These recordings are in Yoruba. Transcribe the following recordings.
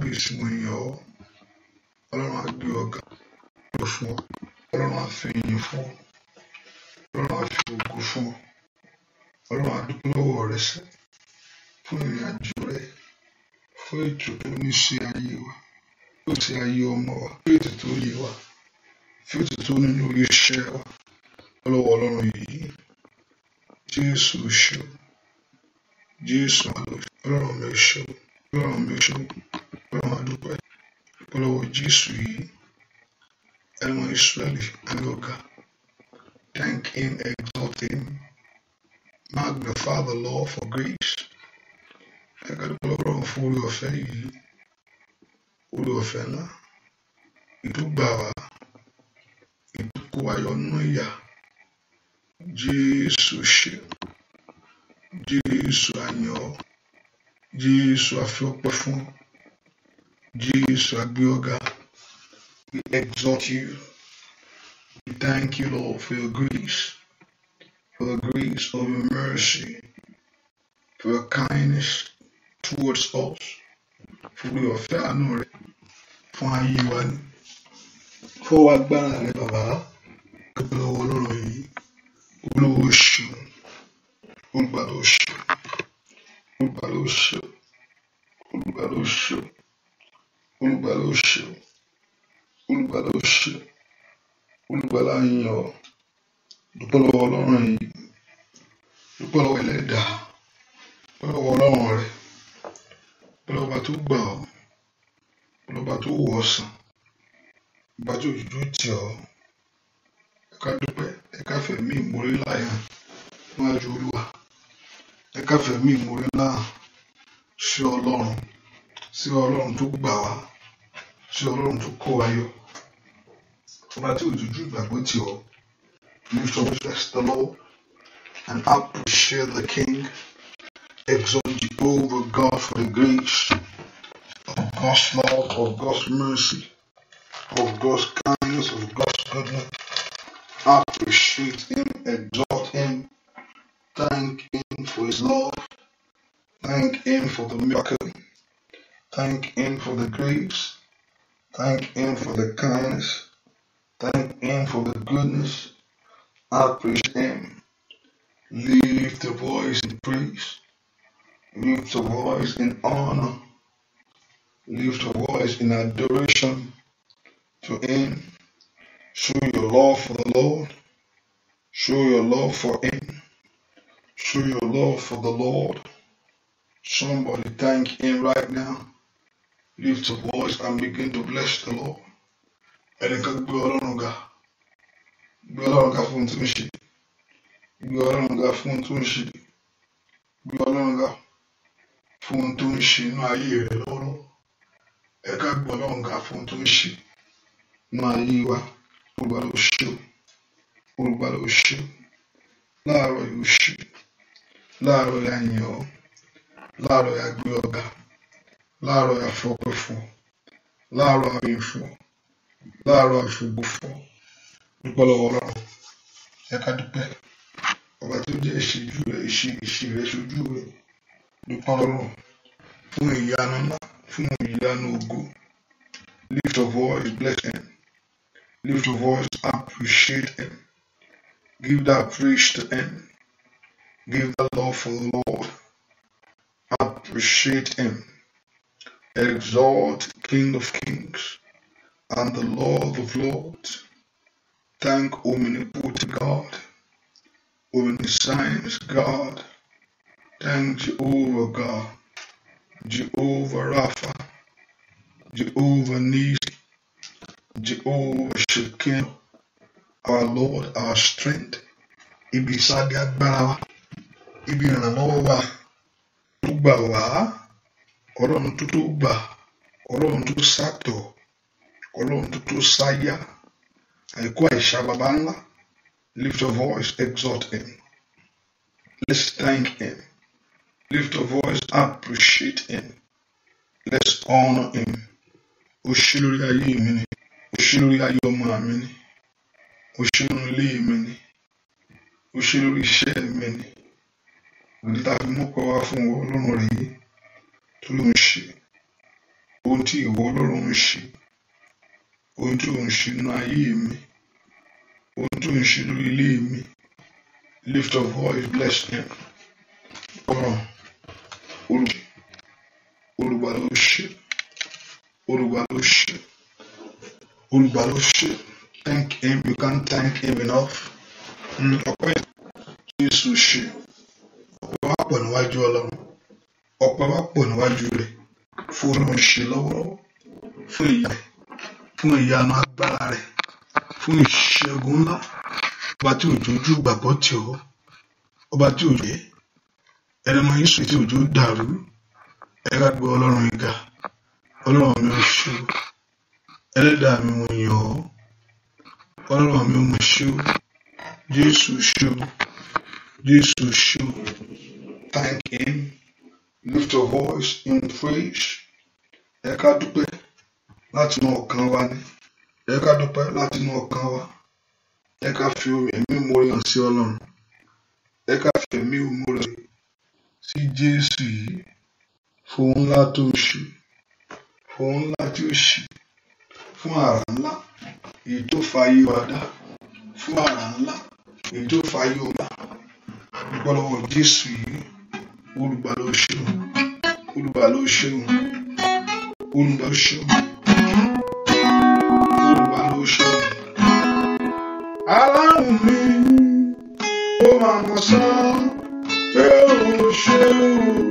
gbé ìsúnmọ́ èèyàn ọ́ ọlọ́run á gbé ọ̀gá lọ fún ọ ọlọ́run á fi ìyìn fún ọ ọlọ́run á fi ògo fún ọ ọlọ́run á dúpẹ́ lọ́wọ́ rẹ sẹ́ fún ìrìn àjò rẹ fún ètò tó ní ṣe ayé wa fún ètò ayé ọmọ wa fún ètò tó yé wa fún ètò tó ní lórí iṣẹ́ wa ọlọ́wọ́ ọlọ́run yìí jésù ṣe jésù ọlọ́run mi ṣe ọlọ́run mi ṣe ọlọ́run adúpẹ́ ìpolówó jésù yìí ẹlẹ́wọ̀n ìsírẹ́lì gbẹ́gọ́gà thank him exalt him magnify the Lord for grace ẹ̀ka dúpẹ́ ọlọ́run for your ọ̀fẹ́ yìí orí ọ̀fẹ́ ńlá ìdúgbà baba. ìdúkú ayọ̀ nínú ìyà Jesus ṣe jésù ayọ̀. Jésù àfi ọpẹ́ fún. Jésù àgbé ọ̀gá. We exalt you. We thank you, Lord, for your grace, for the grace of your mercy, for your kindness towards us, for your fair àánú rẹ, fún ayé wa ni, fún agbára rẹ bàbá, olówó ọlọ́run yìí, olówó olùgbàlóṣe olùgbàlóṣe olùgbàlóṣe olùgbàlóṣe olùgbàlà yíyan ọ dúpẹ́ lọ́wọ́ ọlọ́run yìí dúpẹ́ lọ́wọ́ ẹlẹ́dàá dúpẹ́ lọ́wọ́ ọlọ́run rẹ dúpẹ́ lọ́wọ́ ọba tó gbà ọ́ dúpẹ́ lọ́wọ́ ọba tó wò ọ́ sàn ọba tó dúdú tì ọ́ ẹ̀ka dúpẹ́ ẹ̀ka fẹ̀mí ìmúrí láyà níwájú olúwa. Ẹ káfẹ́ mi ìmoore náà sí Ọlọ́run, sí Ọlọ́run tó gbà wá, sí Ọlọ́run tó kó wa yọ. Ọba tí òjòjú ìgbàgbọ́ tì ọ́, lift up bless the Lord and appreciate the King. Exalt the over God for the grace of God's love, of God's mercy, of God's kindness, of God's goodness. Appreciate Him, exalt Him. Thank Him for His love. Thank Him for the miracle. Thank Him for the grace. Thank Him for the kindness. Thank Him for the goodness. I praise Him. Lift the voice in praise. Lift the voice in honor. Lift the voice in adoration to Him. Show your love for the Lord. Show your love for Him. Show your love for the Lord. Somebody thank Him right now. Lift your voice and begin to bless the Lord. Ẹnìkan gbé ọlọ́run ga. Gbé ọlọ́run fun fún tó ń ṣe. Gbé ọlọ́run ga fún tó ń ṣe. Gbé ọlọ́run ga fún tó ń ṣe inú ayé rẹ̀ lọ́rọ̀. Ẹ̀ka gbé ọlọ́run ga fún tó ń ṣe. Inú ayé wa, olùgbàlà ò ṣe o. Olùgbàlà ò ṣe láàárọ̀ yà yìn ọ́ láàárọ̀ yà gbé ọ̀gá láàárọ̀ yà fọpẹ́ fún láàárọ̀ àyìn fún láàárọ̀ àṣùgbò fún dúpẹ́ lọ́wọ́ ọlọ́run ẹ ká dúpẹ́ ọba tó jẹ́ ìṣíjú rẹ̀ ìṣí rẹ̀ ṣojú rẹ̀ dúpẹ́ ọlọ́run fún ìyanu ńlá fún ìyanu ògo lift your voice bless him lift your voice appreciate him give that praise to him. Give the the Lord. Appreciate him. Exalt King of Kings and the Lord of Lords. Thank omnipotent God, omniscience God. Thank Jehovah God, Jehovah Rapha, Jehovah Nisi, Jehovah Shekinah, our Lord, our strength. Ibi ibi ìrànlọ́wọ́ wa tó gbà wá ọlọ́run tó tó gbà ọlọ́run tó sàtọ̀ ọlọ́run tó tó sáyà àìkú àìsà baba ńlá lift your voice exalt him let's thank him lift your voice appreciate him let's honour him ó ṣe lórí ayé mi ni ó ṣe lórí ayé ọmọ mi ni ó ṣe lórí ilé mi ni ó ṣe lórí iṣẹ́ mi ni ìdí tá a fi mú pọ̀ wá fún ìwọ ọlọ́run rèé torí òun ṣe ohun tí ìwọ ọlọ́run ń ṣe ohun tí òun ṣe nínú ayé mi ohun tí òun ṣe lórí ilé mi lift of voice bless them ọ̀ràn olùgbà ló ṣe olùgbà ló ṣe olùgbà ló ṣe thank him you can't thank him enough ọpẹ́ Jésù ṣe pọ̀ níwájú ọlọ́run ọpẹ́ wa pọ̀ níwájú rẹ̀ fún ọlọ́run ṣe lọ́wọ́lọ́wọ́ fún ìyá fún ìyanu agbára rẹ̀ fún ìṣẹ́gun ńlá ọba tí òjò ojú gbàgbọ́ tì ọ́ ọba tí òjò yẹ ẹlẹ́mọ yín sùn tí òjò dàrú ẹ ká gbé ọlọ́run ìga ọlọ́run mi ò ṣe o ẹlẹ́dàá mi ò yàn ọ́ ọlọ́run mi ò ṣe o jésù ṣe o jésù ṣe o thank Him. Lift your voice in praise. Ẹ ká dúpẹ́ látinú ọkàn wa ni. Ẹ ká dúpẹ́ látinú ọkàn wa. Ẹ ká fi ẹ̀mí ìmoore hàn sí Ọlọ́run. Ẹ ká fi ẹ̀mí ìmoore sí Jésù yìí. Fún ńlá tó ṣe. Fún ńlá tí ó ṣe. Fún àrà ńlá èyí tó fa ayé wa dá. Fún àrà ńlá èyí tó fa ayé wa dá. Ìpolówó Jésù yìí olùgbà ló ṣeun olùgbà ló ṣeun olùgbà ló ṣeun olùgbà ló ṣeun aláwọ̀ mi ó máa mọ̀ sọ́ pé ó ṣeun.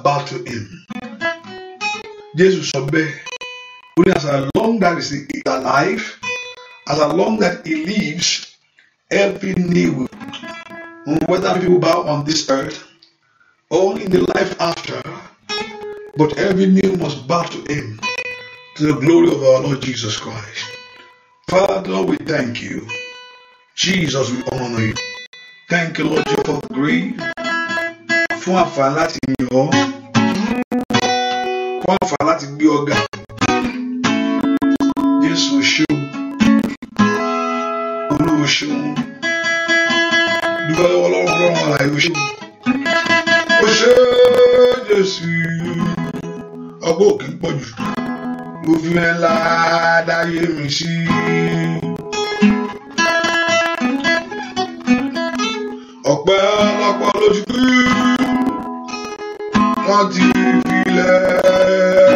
about bow to him. Jesus shall Only as long as he is alive, as long as he lives, every knee will. Whether people bow on this earth or in the life after, but every knee must bow to him, to the glory of our Lord Jesus Christ. Father, we thank you. Jesus, we honor you. Thank you, Lord, for the grace. fún àǹfààní láti yàn ọ́ fún àǹfààní láti gbé ọ̀gá Jésù ṣó olówó ṣó dúpẹ́ lọ́wọ́ lọ́wọ́ lọ́wọ́ àlàyé ṣó ó ṣe Jésù ọgbọ́n òkè ń pọ̀ jù mo fi ẹ̀ ńlá dáyé mi sí i. ọpẹ́ ọlọ́pàá lójú kúrú wọ́n ti filẹ̀.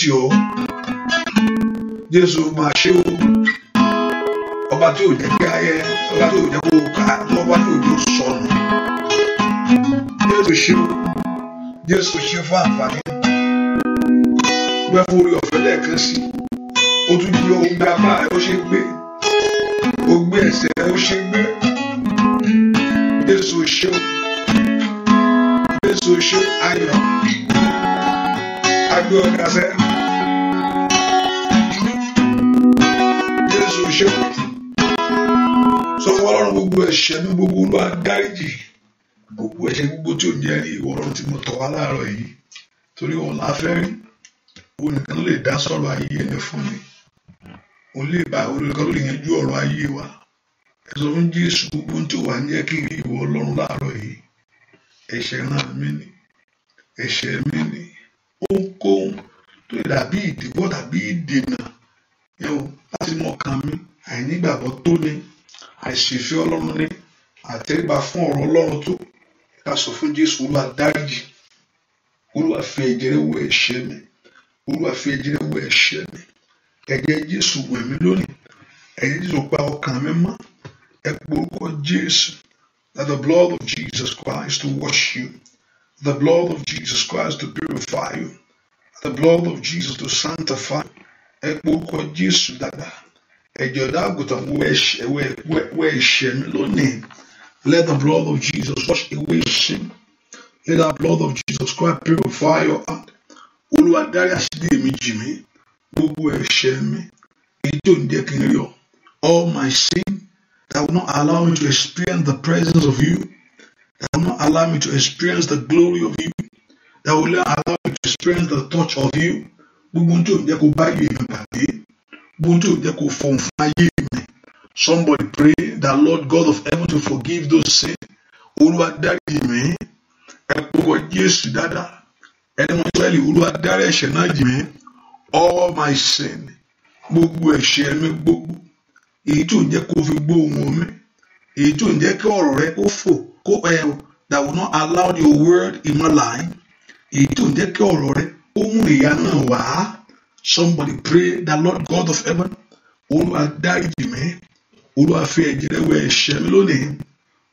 tì ọ́ jésù máa ṣe o ọba tí ò jẹ́ kí ayẹ ọba tí ò jẹ́ kó ká ọba tí ò jẹ́ sọnù jésù ṣe o jésù ṣe fún àǹfààní gbẹ fún orí ọ̀fẹ́ lẹ́ẹ̀kan sí o tún jí ohun bí apá rẹ ó ṣe gbé o gbé ẹsẹ̀ rẹ ó ṣe gbé jésù ṣe o jésù ṣe ayọ̀ agbé ọ̀gá sẹ́yìn. ẹ̀ṣẹ̀ mi gbogbo olúwa dáríjì gbogbo ẹ̀ṣẹ̀ gbogbo tí ò ní ẹ̀rí ìwọ ọ̀rọ̀ tí mo tọ̀ wá láàárọ̀ yìí torí òun la fẹ́ rí òun nìkan ló lè dá sọ̀rọ̀ ayé ẹni fún mi òun lè bá òun nìkan ló lè yanjú ọ̀rọ̀ ayé wa ẹ sọ fún Jésù gbogbo tó wà ní ẹkí ìwọ Ọlọ́run láàárọ̀ yìí ẹ̀ṣẹ̀ náà mi ni ẹ̀ṣẹ̀ mi ni ohunkóhun tó lè dàbí ìdíwọ́ tàbí ìdènà yẹn o láti mọ ọkàn mi àìnígbàgbọ́ tó ni àìṣèfẹ́ Ọlọ́run ni àtẹríba fún ọ̀rọ̀ ọlọ́run tó ká sọ fún jésù olúwa dáríjì olúwa fi ẹ̀jẹ̀ rẹ̀ wọ ẹ̀ṣẹ̀ mi olúwa fi ẹ̀jẹ̀ rẹ̀ wọ ẹ̀ṣẹ̀ mi ẹ̀jẹ̀ jésù wẹ̀ mí lónìí ẹ̀jẹ̀ jésù pa ọkàn mi mọ́ ẹ pe orúkọ jésù that the blood of Jesus Christ to wash you the blood of Jesus Christ to purify you the blood of Jesus to sanctify ẹ pe orúkọ jésù dada ẹ̀jẹ̀ ọ̀dà àgùntàn wọ ẹ̀ṣẹ̀ mi lónìí. Let the blood of Jesus wash away sin. Let the blood of Jesus Christ purify your heart. Olúwa dárí àṣírí èmi jì mí, gbogbo ẹ̀ṣẹ̀ mi, èyí tí ń jẹ́ kí n rí All my sin that will not allow me to experience the presence of you, that will not allow me to experience the glory of you, that will not allow me to experience the touch of you. Gbogbo ohun tí ò ń jẹ́ kó bá yìí mi pàdé, gbogbo ohun tí ń jẹ́ kó fọ̀n fún ayé Somebody pray that Lord God of heaven to forgive those sin. Olúwa dárí mi. Ẹ pọ̀wọ́ Jésù dáadáa. Ẹni wọn Ísírẹ́lì Olúwa dárí ẹ̀ṣẹ̀ náà jì mí. All my sin. Gbogbo ẹ̀ṣẹ̀ mi gbogbo. Èyí tí ò ń jẹ́ kó fi gbóhùn mi. Èyí tí ò ń jẹ́ kí ọ̀rọ̀ rẹ kó fò kó ẹ̀ that will not allow your word in my life. Èyí tí ò ń jẹ́ kí ọ̀rọ̀ rẹ kó mú ìyá náà wá. Somebody pray that Lord God of heaven. Olúwa dárí jì mí olúwa fi ẹ̀jẹ̀ rẹ̀ wẹ ẹ̀ṣẹ̀ mi lónìí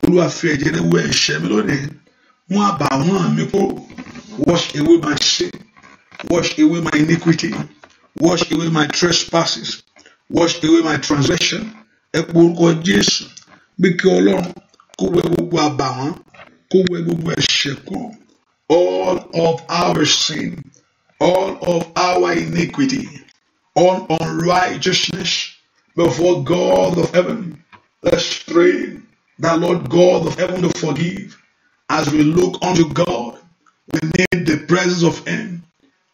olúwa fi ẹ̀jẹ̀ rẹ̀ wẹ ẹ̀ṣẹ̀ mi lónìí mú àbàwọ́n mi kúrò wash away my sin wash away my iniquity wash away my trespasses wash away my transgression ẹ pé orúkọ jésù bí kí ọlọ́run kó wẹ gbogbo àbàwọ́n kó wẹ gbogbo ẹ̀ṣẹ̀ kúrò all of our sin all of our iniquity all unrighteousness before God of heaven. Let's pray that Lord God of heaven to forgive. As we look unto God, we need the presence of Him.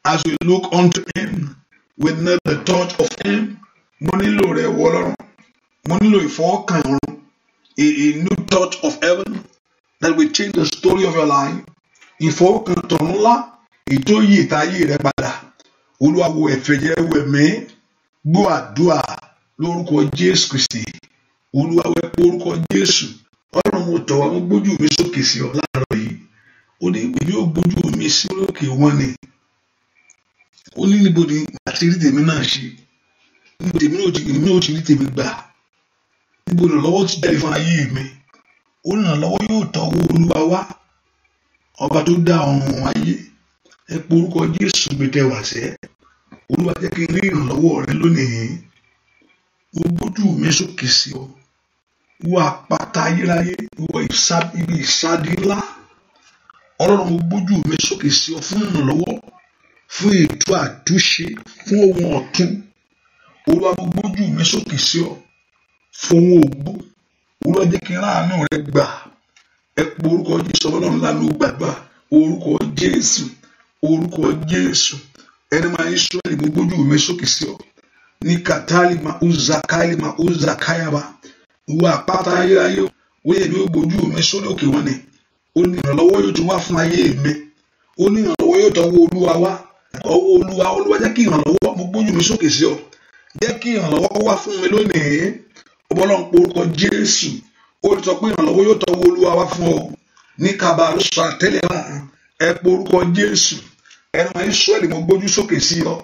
As we look unto Him, we need the touch of Him. Mo nílò rẹ̀ wọ lọ́rùn. Mo A, new touch of heaven that will change the story of your life. Ìfọwọ́kàn tọ̀run ńlá ètò yìí ìtayé rẹ̀ padà. Olúwa wo ẹ̀fẹ̀ me, wẹ̀mí. Gbọ́ àdúrà. lórúkọ jésù kristi olúwa wẹ orúkọ jésù Ọrụ mo tọ̀ wá mo gbójú mi sókè sí ọ yìí ó ní èmi gbójú mi sí òkè wọn ni ó ní níbo ni àti rí tèmi náà ṣe níbo tèmi náà rí tèmi gbà níbo ti ayé ọba tó dá ayé ẹ orúkọ jésù olúwa kí n rí rẹ mo gbójú mi o sí ọ wo àpáta ayérayé wo ibi ìsádi ńlá ọlọ́run mo gbójú mi sókè sí ọ fún ìrànlọ́wọ́ fún ètò àtúnṣe fún ohun ọ̀tun olúwa mo gbójú mi sókè sí ọ fún ohun ògbó olúwa jẹ́ kí n ráàánú rẹ gbà ẹ pé orúkọ jésù ọlọ́run lánàá gbàgbà orúkọ jésù orúkọ jésù ẹni máa ń sọ ẹni mo gbójú mi sókè sí ní katali mauza kali mauza káyaba ìwọ àpáta ayérayé ó yẹ mi ó gbójú mi sórí òkè wọn ni ó ní ìrànlọ́wọ́ yóò tún wá fún ayé mi ó ní ìrànlọ́wọ́ yóò tọwọ́ olúwa wá ọwọ́ olúwa olúwa jẹ́ kí ìrànlọ́wọ́ mo gbójú mi sókè sí ọ jẹ́ kí ìrànlọ́wọ́ kó wá fún mi lónìí ọmọlọ́run pé orúkọ jésù ó sọ pé ìrànlọ́wọ́ yóò tọwọ́ olúwa wá fún ọ ní kabaru sọ àtẹ́lẹ̀ hàn ẹ pé orúkọ jésù ẹnu ìṣọ́ọ̀lì mo gbójú sókè sí ọ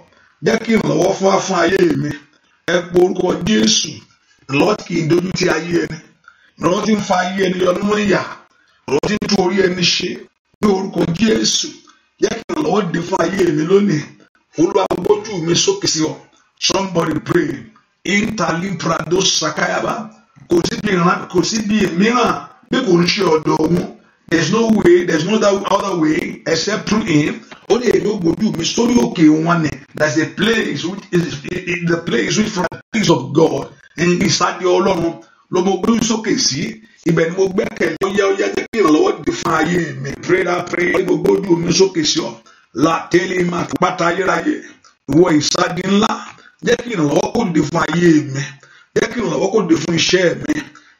jẹ́ kí ìrànlọ́wọ́ fún afún ayé mi ẹ po orúkọ Jésù lọ́ọ̀tì kì í dojú ti ayé ẹni ìrànlọ́wọ́ ti ń fa ayé ẹni yọ nínú ìyà ìrànlọ́wọ́ ti ń tú orí ẹni ṣe ní orúkọ Jésù jẹ́ kí ìrànlọ́wọ́ dé fún ayé mi lónìí Olúwa mi sókè sí ọ somebody pray interlibrado sakayaba kò sí bí mìíràn bí kò ń ṣe ọ̀dọ̀ òun there is no way there is no other way except through him ó lè yóò gbójú mi sórí òkè wọn That's a place which is the place which from the things of God. And inside your Lord, ló mo gbé sókè sí. Ibẹ̀ ni mo gbẹ́kẹ̀lé ọyá ọyá jẹ́ kí ìrànlọ́wọ́ dé fún ayé mi. Pray that prayer. Ní gbogbo ojú omi sókè sí ọ. Látẹ́lẹ̀ máa tó pátá ayérayé. Ìwọ ìsádi ńlá. Jẹ́ kí ìrànlọ́wọ́ kò dé fún ayé mi. Jẹ́ kí ìrànlọ́wọ́ kò dé fún iṣẹ́ mi.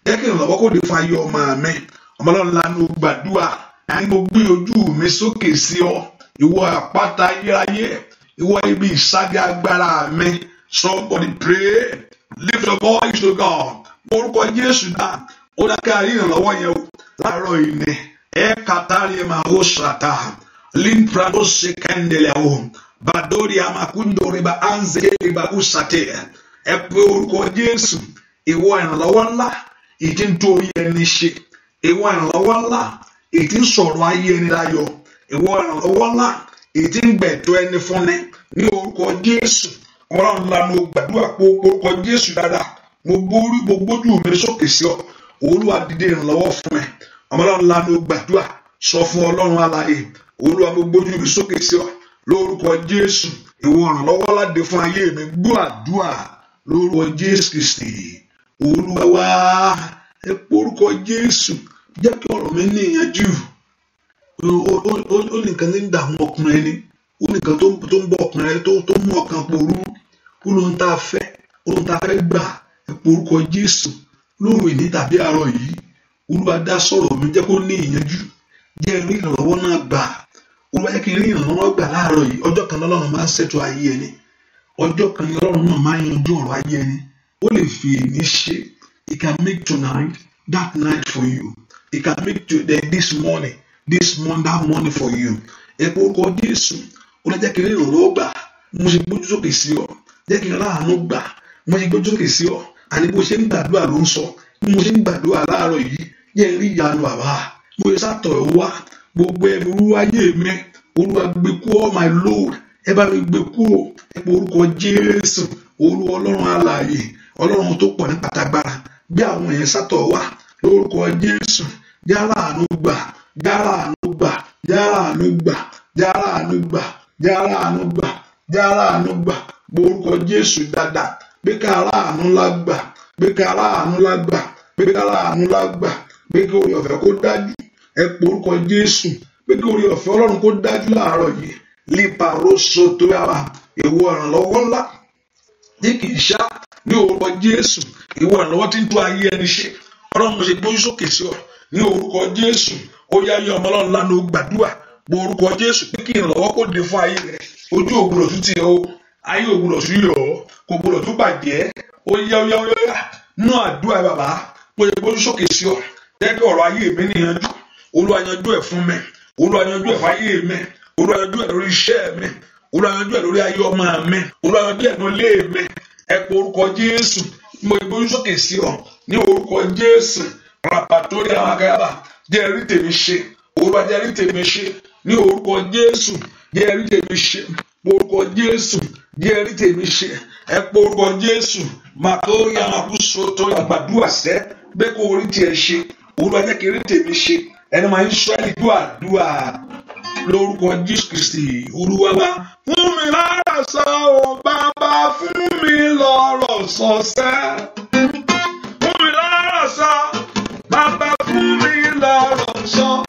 Jẹ́ kí ìrànlọ́wọ́ kò dé fún ayé ọmọ mi. Ọmọlọ́run lanu gbàdúrà. Ní mo gbé ojú so sókè sí ọ. Ìwọ àpáta ayérayé. ìwọ ibi ìsádi agbára mi somebody pray lift your voice to God orúkọ Jésù náà ó dákẹ́ àríyànlọ́wọ́ yẹn o láàárọ̀ ìní ẹ̀ kàtàrí màá ó ṣàtà limprado sekendele o badori amakundo riba anze riba usate ẹ pé orúkọ Jésù ìwọ ìrànlọ́wọ́ ńlá ìdí ń torí ẹni ṣe ìwọ ìrànlọ́wọ́ ńlá ìdí ń èyí tí ń gbẹ̀tọ́ ẹni fúnni ní orúkọ Jésù ọlọ́run ńlá mo gbàdúrà pé orúkọ Jésù dáadáa mo borí mo gbójú mi sókè sí ọ olúwa dìde ìrànlọ́wọ́ fún ẹ ọmọlọ́run ńlá mo gbàdúrà sọ fún ọlọ́run alààyè olúwa mo gbójú mi sókè sí ọ lórúkọ Jésù ìwọ ìrànlọ́wọ́ láde fún ayé mi gbọ́ àdúrà lórúkọ Jésù Kristi olúwa wá ẹ pé orúkọ Jésù jẹ́ kí ọ̀rọ̀ mi ní ìyànjú ó ní nǹkan ọkùnrin ni ó tó ń bọ ọkùnrin tó mú ọkàn porú ó tá a fẹ́ ohun tá a fẹ́ gbà epo Jésù lóru ìní tàbí àárọ̀ yìí Olúwa dá sọ̀rọ̀ mi jẹ́ kó ní ìyanjú jẹ́ rí ìrànlọ́wọ́ náà gbà Olúwa jẹ́ kí n rí ìrànlọ́wọ́ gbà láàárọ̀ yìí ọjọ́ kan lọ́lọ́run máa ń ṣètò ayé ẹni ọjọ́ kan ni náà máa ń yanjú ọ̀rọ̀ ayé ẹni ó lè fi èmi ṣe he can make tonight that night for you It can make today this morning this Monday morning for you ẹ kó kọ Jésù ó lọ jẹ́ kí n rí ìrànlọ́wọ́ gbà mo ṣe gbójú sókè sí ọ jẹ́ kí n láàánú gbà mo ṣe gbójú sókè sí ọ àní bó ṣe ń gbàdúrà ló ń sọ bí mo ṣe ń gbàdúrà láàárọ̀ yìí jẹ́ n rí ìyanu bàbá mo ṣe sàtọ̀ ẹ̀ wá gbogbo ẹ̀mí wáyé mi olúwa gbé kú all oh my load ẹ bá mi gbé kú o ẹ pé orúkọ Jésù olúwa ọlọ́run alààyè ọlọ́run tó pọ̀ ní pàtàgbára bí àwọn èèyàn sàtọ̀ wá lórúkọ Jésù yálà àánú gbà jára àánú gbà jára àánú gbà jára àánú gbà jára àánú gbà jára àánú gbà gborúkọ Jésù dáadáa pé ká ara àánú la gbà pé ká ara àánú la gbà pé la gbà pé kí orí ọ̀fẹ́ kó dájú ẹ porúkọ Jésù pé kí orí ọ̀fẹ́ Ọlọ́run kó dájú láàárọ̀ yìí lípa rosso tó yára ìwọ ńlá ní kì í ṣá ní orúkọ Jésù ìwọ ìrànlọ́wọ́ tí ń tún ayé ẹni ṣe Ọlọ́run ṣe gbójú sókè sí ọ ní orúkọ Jésù ó yá yín ọmọ ọlọ́run lánàá ó gbàdúrà gbọ́ orúkọ jésù pé kí ìrànlọ́wọ́ kó dé fún ayé rẹ̀ ojú ògbúrò tún ti o ayé ògbúrò tún yọ ọ kò gbúrò tún bàjẹ́ ó yá ó yá ó yá nú àdúrà bàbá pé gbójú sókè sí ọ jẹ́kẹ́ ọ̀rọ̀ ayé mi níyanjú olúwa yanjú ẹ̀ fún mi olúwa yanjú ẹ̀ fún ayé mi olúwa yanjú ẹ̀ lórí iṣẹ́ mi olúwa yanjú ẹ̀ lórí ayé ọmọ mi olúwa ẹ̀ lórí ilé mi ẹ pé orúkọ jésù mo gbójú sókè sí ọ ní orúkọ jésù rapatori amakayaba jẹ́ rí tèmi ṣe olúwa jẹ́ rí tèmi ṣe ní orúkọ jésù jẹ́ rí tèmi ṣe orúkọ jésù jẹ́ rí tèmi ṣe ẹ pé orúkọ jésù màtórí àmàkúso tó àgbàdua sẹ́ bẹ́ẹ̀ kó orí tiẹ̀ ṣe olúwa jẹ́ kí rí tèmi ṣe ẹni máa ń sọ ẹni dúà dúà lórúkọ jésù kristi olúwa wa fún mi lára sọ ọ bàbá fún mi lọ́rọ̀ sọ fún mi lára sọ bàbá fún mi. don't know.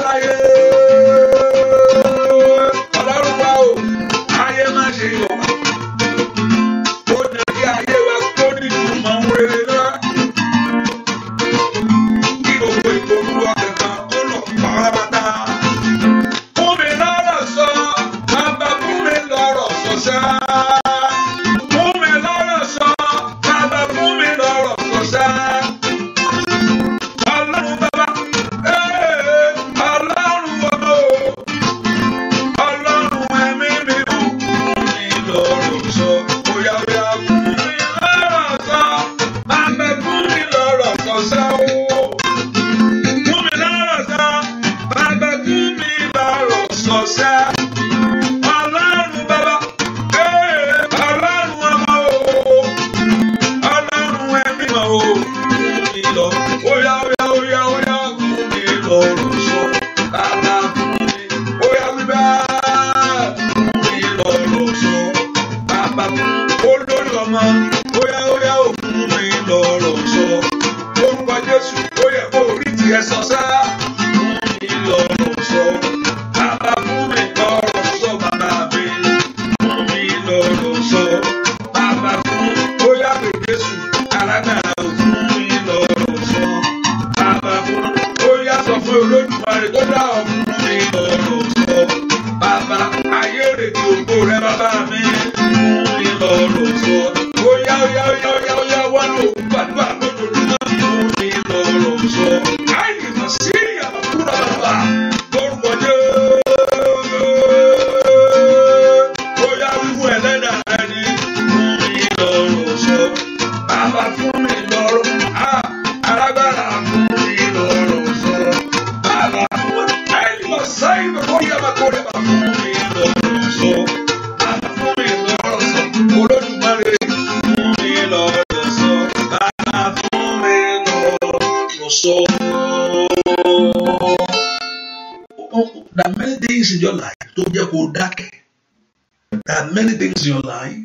many things in your life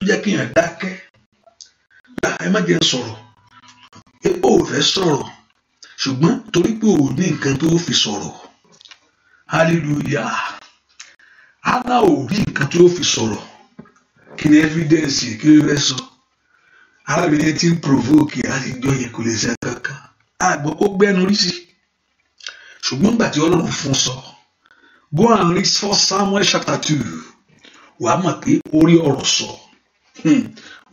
tó jẹ́ kí èèyàn dákẹ́ ah, ẹ má jẹ́ sọ̀rọ̀ epo ò fẹ́ sọ̀rọ̀ ṣùgbọ́n torí pé ò ní nǹkan tó fi sọ̀rọ̀ hallelujah hannah ò rí nǹkan tó fi sọ̀rọ̀ kí ni evidence kí ló fẹ́ sọ arábìnrin tí ń provoke àtijọ́ e, yẹn kò lè ṣe kankan àgbọ̀ kó gbẹ́nu rí sí ṣùgbọ́n gbàtí ọlọ́run fún sọ go and read for Samuel chapter two wà á mọ̀ pé orí ọ̀rọ̀ sọ. Hmm.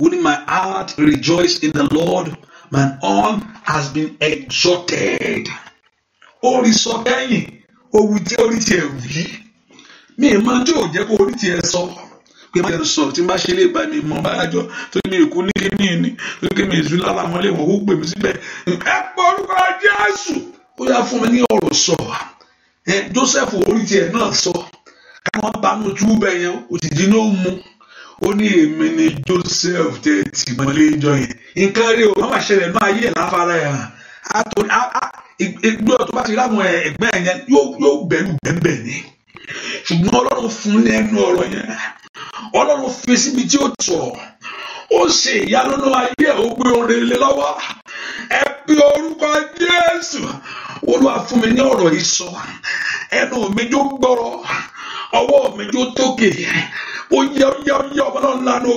Only my heart rejoice in the Lord, my arm has been exalted. Orí sọ kẹ́yìn, òwú tí orí tiẹ̀ wí. Mi ì máa jó jẹ́ kó orí tiẹ̀ sọ. Pé máa ń sọ tí n bá ṣe lè bá mi mọ̀ báyájọ́ tó ní èkó ní kíní ní tó mi ìzú lára wọn lè wọ́n síbẹ̀. Ẹ pọ̀ orúkọ Jésù. Ó yá fún mi ní ọ̀rọ̀ sọ. Joseph orí tiẹ̀ náà sọ káwọn bá nu túbẹ yẹn òtítí ló mu ó ní èmi ni Joseph tẹ tìmọ́lé jọ yẹn nǹkan rí o mama ṣẹlẹ̀ náà ayé ẹ̀ láfara yẹn ìgbé ọ̀tún bá ti láwọn ẹ̀gbẹ́ yẹn yóò bẹ̀rù bẹ́ẹ̀ ni ṣùgbọ́n Ọlọ́run fún ní ẹnu ọ̀rọ̀ yẹn Ọlọ́run fi síbi tí ó sọ̀rọ̀ ó ṣe ìyanu ayé ẹ̀ ó gbé orin lé lọ́wọ́ ẹ bí orúkọ Jésù Olúwa fún mi ní ọ̀rọ̀ yìí sọ ẹnu mi jó gbọ́rọ̀ ọwọ́ mi jó tókè ó yá ó yá ó yá jesu náà lanu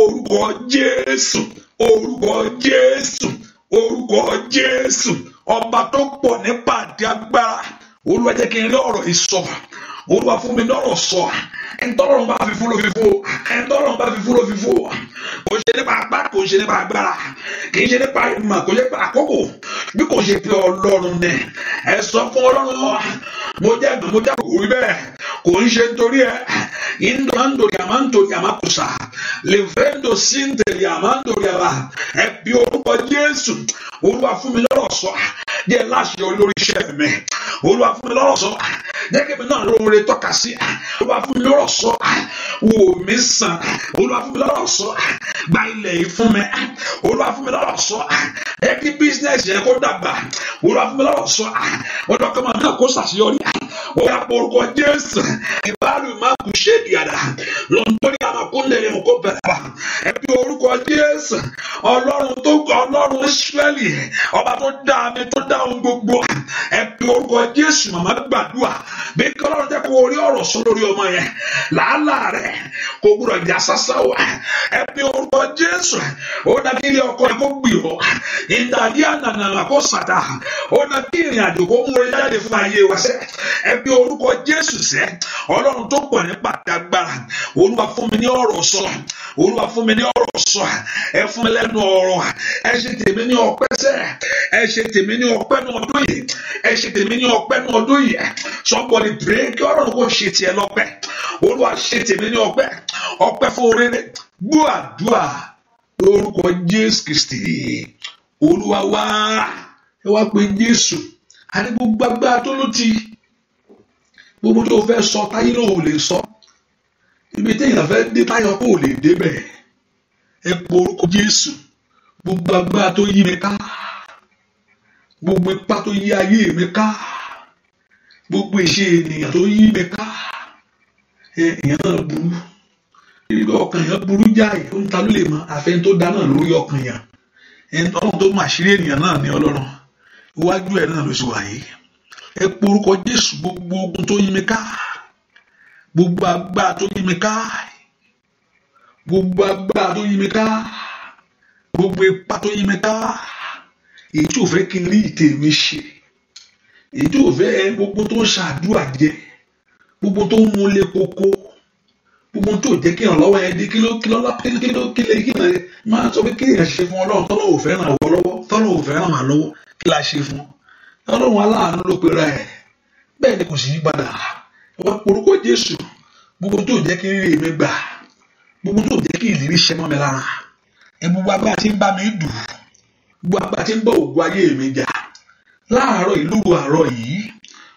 orúkọ Jésù orúkọ Jésù orúkọ Jésù ọba tó pọ̀ nípa àti agbára Olúwa jẹ́ ọ̀rọ̀ olúwa fún mi lọ́rọ̀ sọ ẹ̀ńtọ́rọ̀ ń bá fi fún ló fi fún ẹ̀ńtọ́rọ̀ ń bá fi fún ló fi fún kò ṣe nípa agbára kò ṣe nípa agbára kì í ṣe nípa ìmọ̀ kò ṣe nípa àkókò bí kò ṣe pé ọlọ́run ni ẹ sọ fún ọlọ́run mo jẹ́ mo jẹ́ kò bẹ́ẹ̀ kò ń ṣe nítorí ẹ indorando yamando yamakusa levendo sinte yamando yaba ẹ bí orúkọ jésù olúwa fún mi lọ́rọ̀ sọ díẹ̀ láṣẹ olórí iṣẹ́ mi olúwa fún mi lọ́rọ̀ sọ jẹ́ kí mi náà lórí lè tọ́ka sí olúwa fún mi lọ́rọ̀ sọ wò mí sàn olúwa fún mi lọ́rọ̀ sọ gba ilẹ̀ yìí fún mi olúwa fún mi lọ́rọ̀ sọ ẹ kí bísínẹ́sì yẹn kó dàgbà olúwa fún mi lọ́rọ̀ sọ ọlọ́kọ́ máa náà kó ṣàṣeyọrí Jésù alùmá kù ṣe dìàdà lọ́ntọ́rí àmàkúnlẹ̀ ọkọ̀ bẹ̀rẹ̀ ẹbí orúkọ jésù ọlọ́run tó ọlọ́run israẹli ọba tó dá mi tó dá ohun gbogbo ẹbí orúkọ jésù màmá gbàdúrà bí kọ́lọ́run jẹ́ kó orí ọ̀rọ̀ sọ lórí ọmọ yẹn làálà rẹ̀ kò gbúdọ̀ jà sásá wa ẹbí orúkọ jésù ó dàbí ilé ọkọ ẹ kó gbìyànjú ìdàdí ànànà kó sàdá ó dàbí ìrìn àjò kó mú orí jáde ọlọ́run tó pọ̀ nípa àgbára olúwa fún mi ní ọ̀rọ̀ sọ olúwa fún mi ní ọ̀rọ̀ sọ ẹ fún mi lẹ́nu ọ̀rọ̀ ẹ ṣe tèmi ní ọpẹ́ sẹ́ ẹ ṣe tèmi ní ọpẹ́ ní ọdún yìí ẹ ṣe tèmi ní ọpẹ́ ní ọdún yìí somebody pray kí ọlọ́run kò ṣe tiẹ̀ lọ́pẹ́ olúwa ṣe tèmi ní ọpẹ́ ọpẹ́ fún oríire gbọ́ àdúrà lórúkọ jésù kristi olúwa wá ẹ wá pé jésù àdébùgbàgbà tó ló ti gbogbo tó fẹ́ sọ táyé náà ò lè sọ ibi téèyàn fẹ́ dé táyọ̀ kò lè débẹ̀ ẹ po orúkọ Jésù gbogbo agbára tó yí mi ká gbogbo ipá tó yí ayé mi ká gbogbo ìṣe ènìyàn tó yí mi ká èèyàn náà burú ìlú ọkàn yẹn burú jáì ó ń ta ló lè mọ àfẹn tó da náà lórí ọkàn yẹn ẹni tó ń tó mọ àṣírí ènìyàn náà ní Ọlọ́run iwájú ẹ̀ náà ló sì wà ẹ porúkọ Jésù gbogbo ogun tó yí mi ká gbogbo agbára tó yí mi ká gbogbo agbára tó yí mi ká gbogbo ipa tó yí mi ká èyí tí ò fẹ́ kí n rí ìtẹ̀ mi ṣe èyí tí ò fẹ́ gbogbo tó ń ṣàdúrà jẹ gbogbo tó ń múlé koko gbogbo tó jẹ́ kí ìrànlọ́wọ́ yẹn di kí ló kí ló kí ló máa sọ pé kí èèyàn ṣe fún ọlọ́run tọ́lọ́ ò fẹ́ràn àwọ̀ lọ́wọ́ tọ́lọ́ ò fẹ́ràn àwọ̀ lọ́wọ́ kí la ṣe fún ọ ọlọ́run aláàánú ló pera ẹ̀ bẹ́ẹ̀ ni kò sì yí padà wá orúkọ jésù gbogbo tó jẹ́ kí rírì mi gbà gbogbo tó jẹ́ kí ìlérí ṣẹ mọ́ mi lára gbogbo agbá tí ń bá mi dùn gbogbo agbá tí ń bá ògùn ayé mi jà láàárọ̀ ìlú àárọ̀ yìí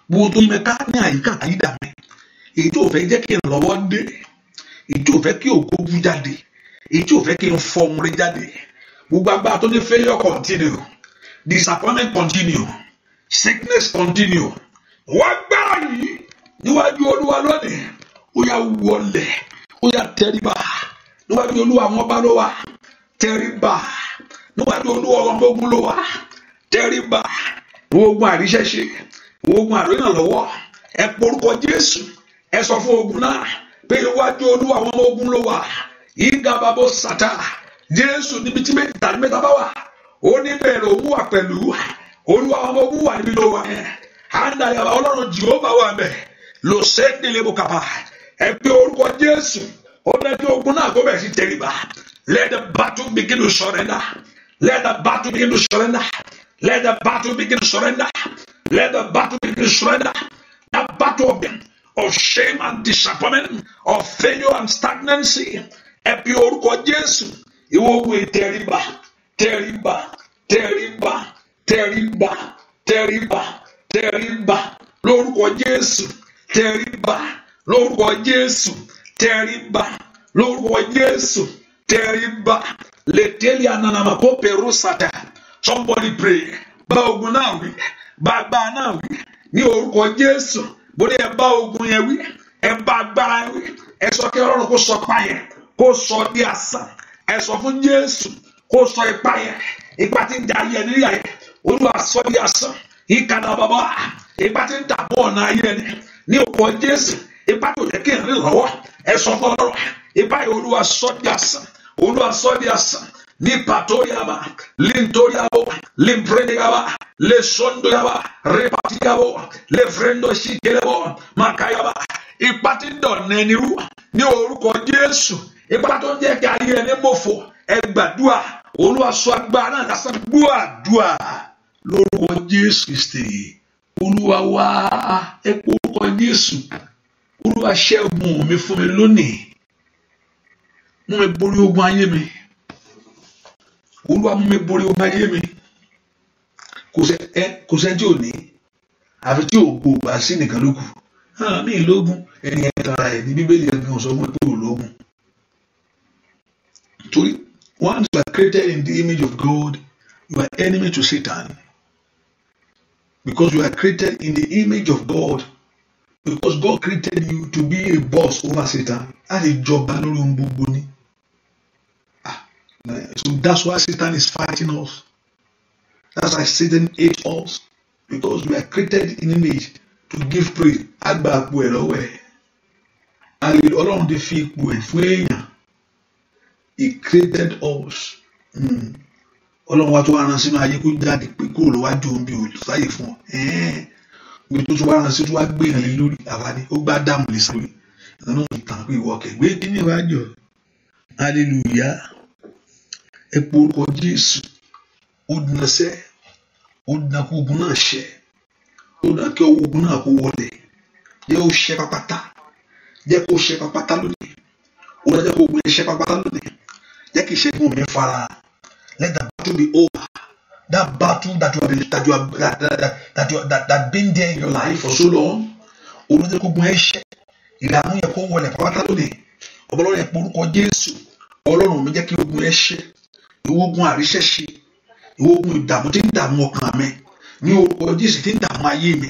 gbogbo tó mẹ́ká ní àyíká àyídà mi èyí tí ò fẹ́ jẹ́ kí n lọ́wọ́ dé èyí tí ò fẹ́ kí ògo bú jáde èyí tí ò fẹ́ kí n fọhùn rẹ jáde gbogbo agbá tó ní failure continue disappointment continue sickness continue wá gbára yìí níwájú olúwa lónìí ó yá wọlé ó yá tẹríba níwájú olúwa àwọn ọba ló wà tẹríba níwájú olúwa ọmọ ogun ló wà tẹríba ogun àríṣẹ́ṣe ogun àrínàlọ́wọ́ ẹ porúkọ jésù ẹ sọ fún ogun náà pé iwájú olúwa àwọn ọmọ ogun ló wà yíga babó sátá jésù níbi tí mẹ́ta mẹ́ta bá wà ó ní bẹ̀rẹ̀ òun wà pẹ̀lú olúwa ọmọ ogun wà níbi ló wà yẹn àndàlẹ ọlọ́run jìhóbà wà mẹ lò sẹńdìlẹ bùkàbà ẹ pé orúkọ jésù ó dájú ogun náà kó bẹ̀ sí tẹríba let the battle begin to surrender let the battle begin to surrender let the battle begin to surrender let the battle begin to surrender that battle of them of shame and disappointment of failure and stagnancy ẹ pé orúkọ jésù ìwọ ogun ìtẹríba tẹríba tẹríba tẹríba tẹríba tẹríba lórúkọ Jésù tẹríba lórúkọ Jésù tẹríba lórúkọ Jésù tẹríba lẹtẹlẹ ananama kó pẹrú sata somebody pray bá ogun náà wí bá agbá náà wí ní orúkọ Jésù bóde ẹ bá ogun yẹn wí ẹ bá agbára yẹn wí ẹ sọ kí Ọlọ́run kó sọ pa yẹn kó sọ di àṣà ẹ sọ fún Jésù kó sọ ipa yẹn ipa tí ń da ayé ẹni rí ayé olúwa sọ di asán ìkànnà bàbá ipá tí ń dàbọ̀ ọ̀nà ayé ẹni ní òkò jésù ipá tó jẹ́ kí n rí lọ́wọ́ ẹ sọ fọlọ́rọ̀ ipá yìí olúwa sọ di asán olúwa sọ di asán yaba lintoriabo limpredegaba lesondoyaba repatiyabo lefrendoshitelebo makayaba ipa tí ń dọ̀nà ẹni rú ní orúkọ jésù ipa tó ń jẹ́ kí ayé ẹni mọ̀fọ̀ ẹ gbàdúà olúwa agbára lásán gbọ́ lórúkọ jésù kristi olúwa wá ẹ pé jésù olúwa ṣẹ́gun mi fún mi lónìí mú mi borí ogun ayé mi olúwa mú mi borí ogun ayé mi kò sẹ́ tí àfi tí ògbó bá sí nìkan ló kù mí lógún ẹni ẹ tara ẹ ní bíbélì ẹgbẹ́ ọ̀sán fún ẹ pé torí once you are created in the image of God you are enemy to Satan. Because you are created in the image of God. Because God created you to be a boss over Satan. as a job that ah, So that's why Satan is fighting us. That's why Satan hates us. Because we are created in image to give praise. Agba àpò ẹ̀ lọ́wọ́ ẹ̀. Àlè Ọlọ́run ti fi He created us. Mm ọlọ́run wa tó wá ran sínú ayé kó jáde pé kúrò ló wá jó omi ò sáyè fún ọ gbé tó tó wá ran sí tó wá gbé ìrìn lórí àwárí ó gbá dáàmú lè sáré ìrìn náà ìtàn pé ìwọ kẹgbẹ́ kíní ìwájọ aleluya ẹ po orúkọ jésù ó dùnà sẹ ó dùnà kó ogun náà ṣẹ ó dùnà kí ọwọ́ ogun náà kó wọlé jẹ́ ó ṣẹ pápátá jẹ́ kó ṣẹ pápátá lónìí ó dájọ́ kó ogun ẹ̀ ṣẹ pápátá lónìí jẹ́ kí ìṣẹ́gun mi fara hàn. Let the battle be over. That battle that you have been that you have that that that you, that, that been there in your life for so long. Olóde kó gun ẹ̀ṣẹ̀. Ìdààmú yẹ kó wọlé pátá lónìí. Ọbọ̀lọ́run yẹ porúkọ Jésù. Ọlọ́run mi jẹ́ kí ogun ẹ̀ṣẹ̀. Ìwọ ogun àríṣẹ́ṣe. Ìwọ ogun ìdààmú tí ń dààmú ọkàn mi. Ní orúkọ Jésù tí ń dààmú ayé mi.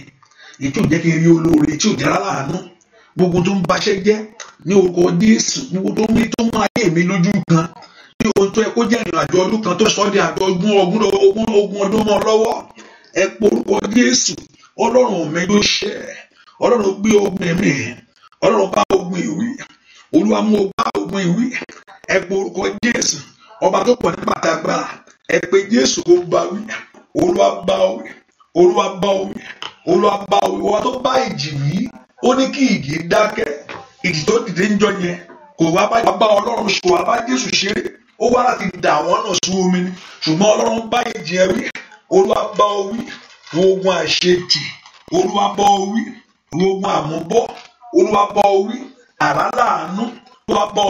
Èyí ò jẹ́ kí n rí olóore tí ò jẹ́ rárá Gbogbo tó ń baṣẹ́ jẹ́ ní orúkọ Jésù. Gbogbo tó ń mú ayé mi lójú kan bí ohun tó yẹ kó jẹ́ ìrìn àjò ọdún kan tó sọ di àjọ ogún ogún ogún ogún ọdún mọ́ lọ́wọ́ ẹ porúkọ Jésù Ọlọ́run mẹ́jọ ṣẹ Ọlọ́run gbé ogun ẹ̀mí Ọlọ́run bá ogun ìwí Olúwa mú o bá ogun ìwí ẹ porúkọ Jésù ọba tó pọ̀ ní pàtàgbà ẹ pé Jésù kó bá wí Olúwa bá wí Olúwa bá wí Olúwa bá wí wọ́n tó bá ìjì wí ó ní kí ìjì dákẹ́ ìjì tó dìde ń jọ yẹn kò wá bá Ọlọ́run ṣòwò àbá ṣeré ó wá láti dà wọ́n náà sí omi ni ṣùgbọ́n ọlọ́run bá ìjì ẹ wí olúwa ogun àṣetì olúwa bá ogun àmúbọ́ olúwa bá ọ wí àrá láàánú olúwa bá